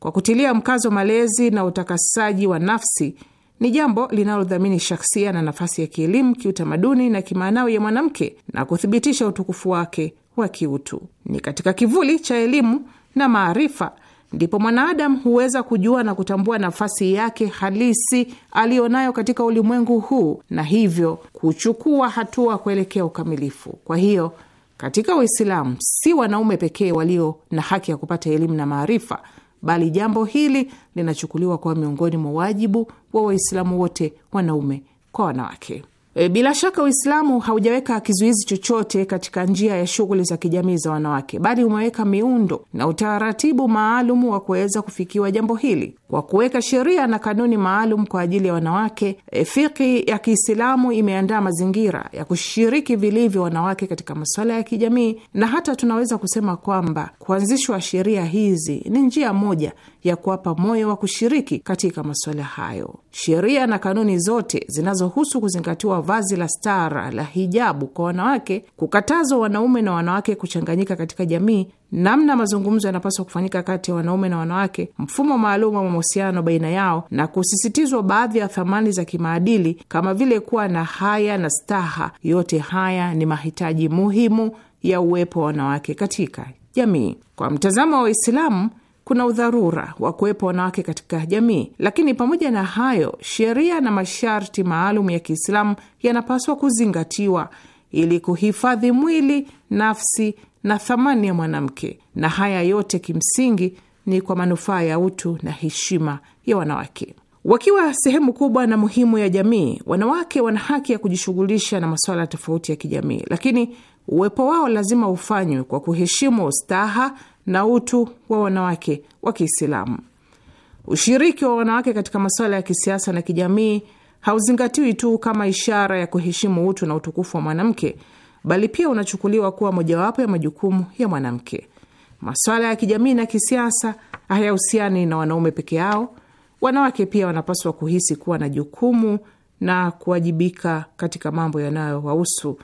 kwa kutilia mkazo malezi na utakasaji wa nafsi ni jambo linalodhamini shaksia na nafasi ya kielimu, kiutamaduni na kimaanawi ya mwanamke na kuthibitisha utukufu wake wa kiutu. Ni katika kivuli cha elimu na maarifa ndipo mwanaadamu huweza kujua na kutambua nafasi yake halisi aliyonayo katika ulimwengu huu na hivyo kuchukua hatua kuelekea ukamilifu. Kwa hiyo katika Uislamu si wanaume pekee walio na haki ya kupata elimu na maarifa bali jambo hili linachukuliwa kuwa miongoni mwa wajibu wa Waislamu wote, wanaume kwa wanawake. E, bila shaka Uislamu haujaweka kizuizi chochote katika njia ya shughuli za kijamii za wanawake, bali umeweka miundo na utaratibu maalum wa kuweza kufikiwa jambo hili kwa kuweka sheria na kanuni maalum kwa ajili ya wanawake. E, fiki ya Kiislamu imeandaa mazingira ya kushiriki vilivyo wanawake katika masuala ya kijamii, na hata tunaweza kusema kwamba kuanzishwa sheria hizi ni njia moja ya kuwapa moyo wa kushiriki katika masuala hayo. Sheria na kanuni zote zinazohusu kuzingatiwa vazi la stara la hijabu kwa wanawake, kukatazwa wanaume na wanawake kuchanganyika katika jamii, namna mazungumzo yanapaswa kufanyika kati ya wanaume na wanawake, mfumo maalum wa mahusiano baina yao, na kusisitizwa baadhi ya thamani za kimaadili kama vile kuwa na haya na staha. Yote haya ni mahitaji muhimu ya uwepo wa wanawake katika jamii. Kwa mtazamo wa Waislamu, kuna udharura wa kuwepo wanawake katika jamii, lakini pamoja na hayo, sheria na masharti maalum ya Kiislamu yanapaswa kuzingatiwa ili kuhifadhi mwili, nafsi na thamani ya mwanamke, na haya yote kimsingi ni kwa manufaa ya utu na heshima ya wanawake. Wakiwa sehemu kubwa na muhimu ya jamii, wanawake wana haki ya kujishughulisha na masuala tofauti ya kijamii, lakini uwepo wao lazima ufanywe kwa kuheshimu staha na utu wa wanawake wa Kiislamu. Ushiriki wa wanawake katika masuala ya kisiasa na kijamii hauzingatiwi tu kama ishara ya kuheshimu utu na utukufu wa mwanamke, bali pia unachukuliwa kuwa mojawapo ya majukumu ya mwanamke. Masuala ya kijamii na kisiasa hayahusiani na wanaume peke yao. Wanawake pia wanapaswa kuhisi kuwa na jukumu na kuwajibika katika mambo yanayowahusu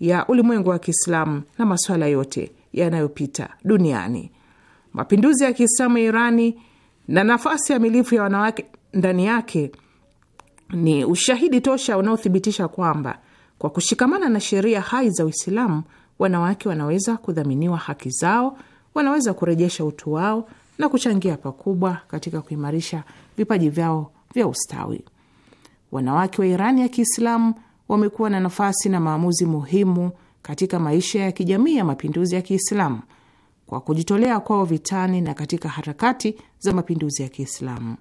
ya ulimwengu wa Kiislamu na masuala yote yanayopita duniani. Mapinduzi ya Kiislamu ya Irani na nafasi ya milifu ya wanawake ndani yake ni ushahidi tosha unaothibitisha kwamba kwa kushikamana na sheria hai za Uislamu, wanawake wanaweza kudhaminiwa haki zao, wanaweza kurejesha utu wao na kuchangia pakubwa katika kuimarisha vipaji vyao vya ustawi. Wanawake wa Irani ya Kiislamu wamekuwa na nafasi na maamuzi muhimu katika maisha ya kijamii ya mapinduzi ya Kiislamu kwa kujitolea kwao vitani na katika harakati za mapinduzi ya Kiislamu.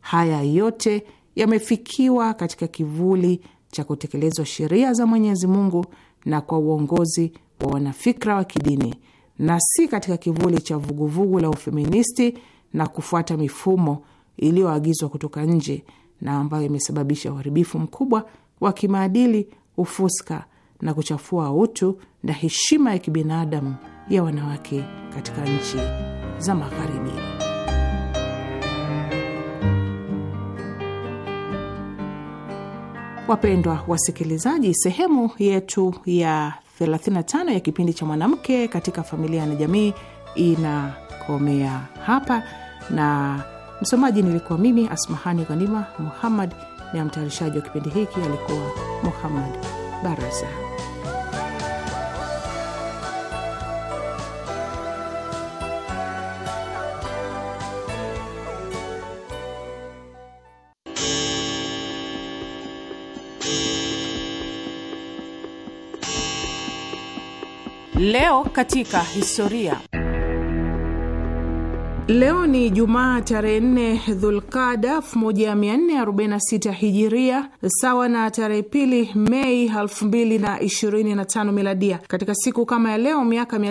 Haya yote yamefikiwa katika kivuli cha kutekelezwa sheria za Mwenyezi Mungu na kwa uongozi wa wanafikra wa kidini na si katika kivuli cha vuguvugu la ufeministi na kufuata mifumo iliyoagizwa kutoka nje na ambayo imesababisha uharibifu mkubwa wa kimaadili, ufuska na kuchafua utu na heshima ya kibinadamu ya wanawake katika nchi za Magharibi. Wapendwa wasikilizaji, sehemu yetu ya 35 ya kipindi cha mwanamke katika familia na jamii inakomea hapa, na msomaji nilikuwa mimi Asmahani Ghanima Muhammad, na mtayarishaji wa kipindi hiki alikuwa Muhammad Baraza. Leo katika historia. Leo ni Jumaa tarehe 4 Dhulqada 1446 Hijiria, sawa na tarehe pili Mei 2025 Miladia. Katika siku kama ya leo miaka mia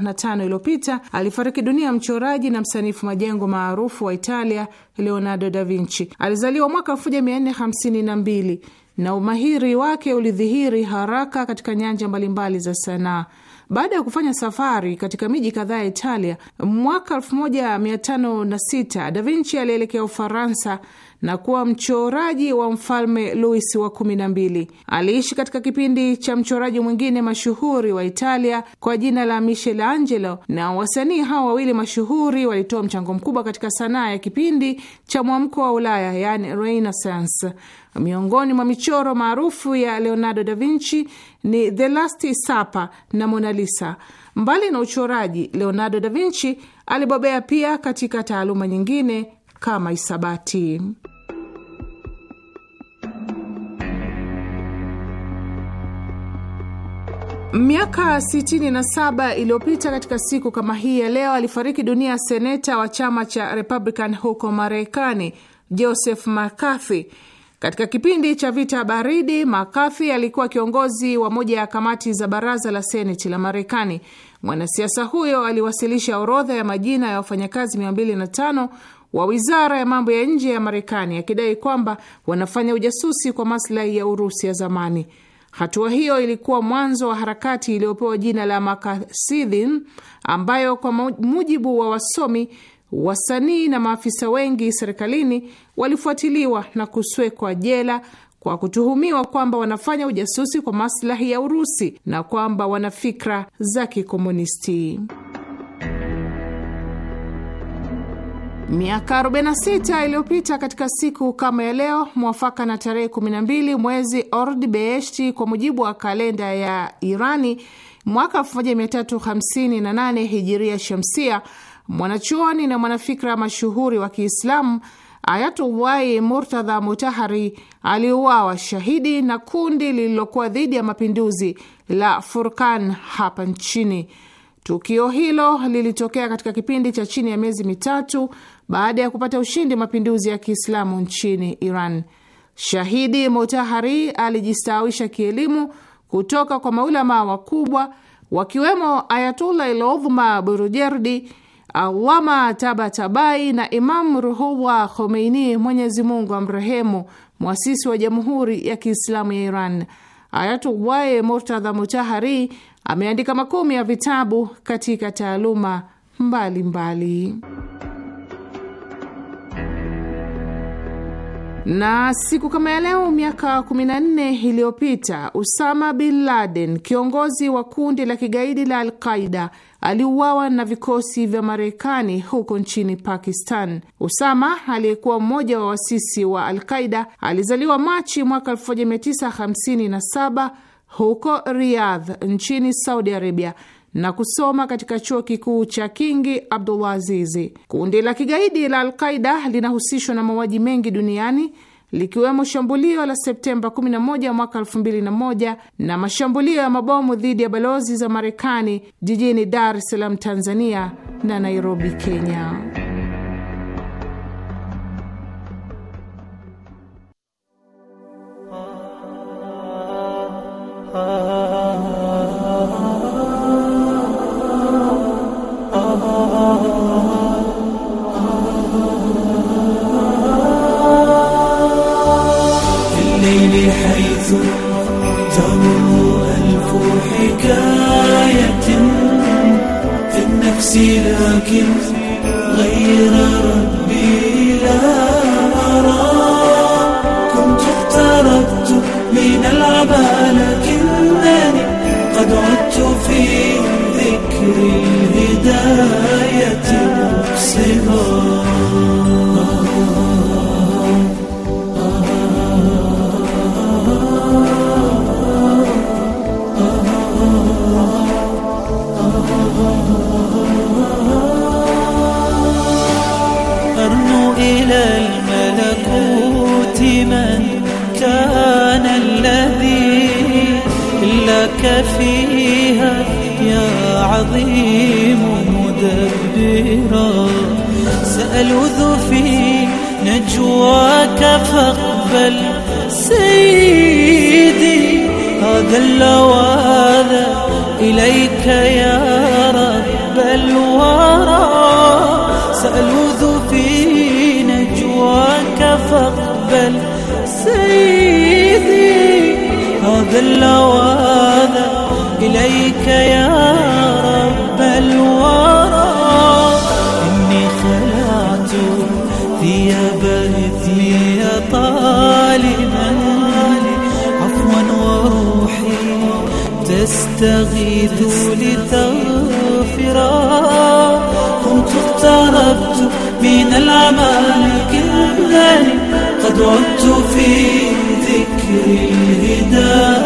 na tano iliyopita alifariki dunia mchoraji na msanifu majengo maarufu wa Italia Leonardo da Vinci. Alizaliwa mwaka 1452 na umahiri wake ulidhihiri haraka katika nyanja mbalimbali za sanaa. Baada ya kufanya safari katika miji kadhaa ya Italia, mwaka 1506 Da Vinci alielekea Ufaransa na kuwa mchoraji wa mfalme Louis wa kumi na mbili. Aliishi katika kipindi cha mchoraji mwingine mashuhuri wa Italia kwa jina la Michelangelo, na wasanii hawa wawili mashuhuri walitoa mchango mkubwa katika sanaa ya kipindi cha mwamko wa Ulaya, yaani Renaissance. Miongoni mwa michoro maarufu ya Leonardo da Vinci ni The Last Supper na Mona Lisa. Mbali na uchoraji, Leonardo da Vinci alibobea pia katika taaluma nyingine kama isabati. Miaka 67 iliyopita katika siku kama hii ya leo alifariki dunia ya seneta wa chama cha Republican huko Marekani, Joseph McCarthy. Katika kipindi cha vita baridi, McCarthy alikuwa kiongozi wa moja ya kamati za baraza la seneti la Marekani. Mwanasiasa huyo aliwasilisha orodha ya majina ya wafanyakazi 205 wa wizara ya mambo ya nje ya Marekani akidai kwamba wanafanya ujasusi kwa maslahi ya Urusi ya zamani. Hatua hiyo ilikuwa mwanzo wa harakati iliyopewa jina la Makasidhin, ambayo kwa mujibu wa wasomi, wasanii na maafisa wengi serikalini walifuatiliwa na kuswekwa jela kwa kutuhumiwa kwamba wanafanya ujasusi kwa maslahi ya Urusi na kwamba wana fikra za kikomunisti. Miaka 46 iliyopita katika siku kama ya leo, mwafaka na tarehe 12 mwezi beesti kwa mujibu wa kalenda ya Irani, mwaka 1358 hijiria shamsia, mwanachuoni na mwanafikra mashuhuri wa Kiislamu Ayatullahi Murtadha Mutahari aliuawa shahidi na kundi lililokuwa dhidi ya mapinduzi la Furkan hapa nchini. Tukio hilo lilitokea katika kipindi cha chini ya miezi mitatu baada ya kupata ushindi mapinduzi ya Kiislamu nchini Iran. Shahidi Motahari alijistawisha kielimu kutoka kwa maulamaa wakubwa wakiwemo Ayatullah Ilodhma Burujerdi, Allama Tabatabai na Imam Ruhullah Khomeini, Mwenyezi Mungu amrehemu, mwasisi wa Jamhuri ya Kiislamu ya Iran. Ayatullah Murtadha Mutahari ameandika makumi ya vitabu katika taaluma mbalimbali mbali. Na siku kama ya leo miaka 14 iliyopita Usama bin Laden, kiongozi wa kundi la kigaidi la Alqaida, aliuawa na vikosi vya Marekani huko nchini Pakistan. Usama aliyekuwa mmoja wa wasisi wa Alqaida alizaliwa Machi mwaka 1957 huko Riyadh nchini Saudi Arabia na kusoma katika chuo kikuu cha Kingi Abdullah Azizi. Kundi la kigaidi la Alqaida linahusishwa na mauaji mengi duniani likiwemo shambulio la Septemba 11 mwaka 2001 na mashambulio ya mabomu dhidi ya balozi za Marekani jijini Dar es Salaam, Tanzania na Nairobi, Kenya. You. فيها يا عظيم مدبرا سألوذ في نجواك فاقبل سيدي هذا اللواذ إليك يا رب الورى سألوذ اللواذ إليك يا رب الورى إني خلعت ثياب إثني طالبا عفوا وروحي تستغيث لتغفرا كنت اقتربت من الأعمال كالنار قد عدت في ذكر الهداية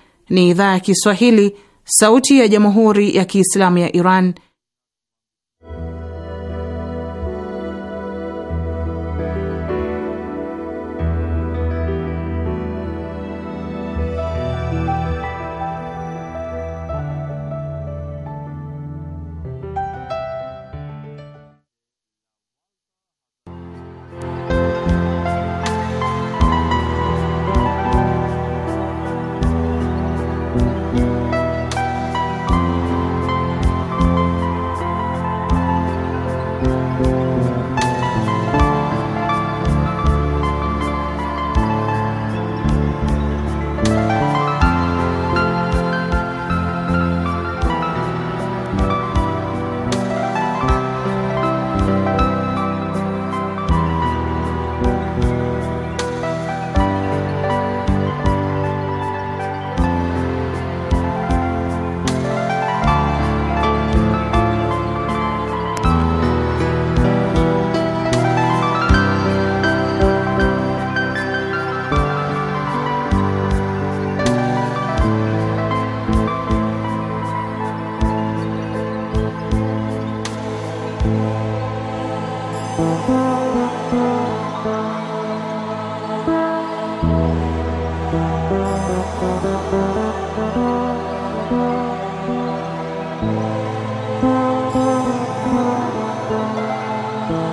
ni idhaa ya Kiswahili, sauti ya jamhuri ya kiislamu ya Iran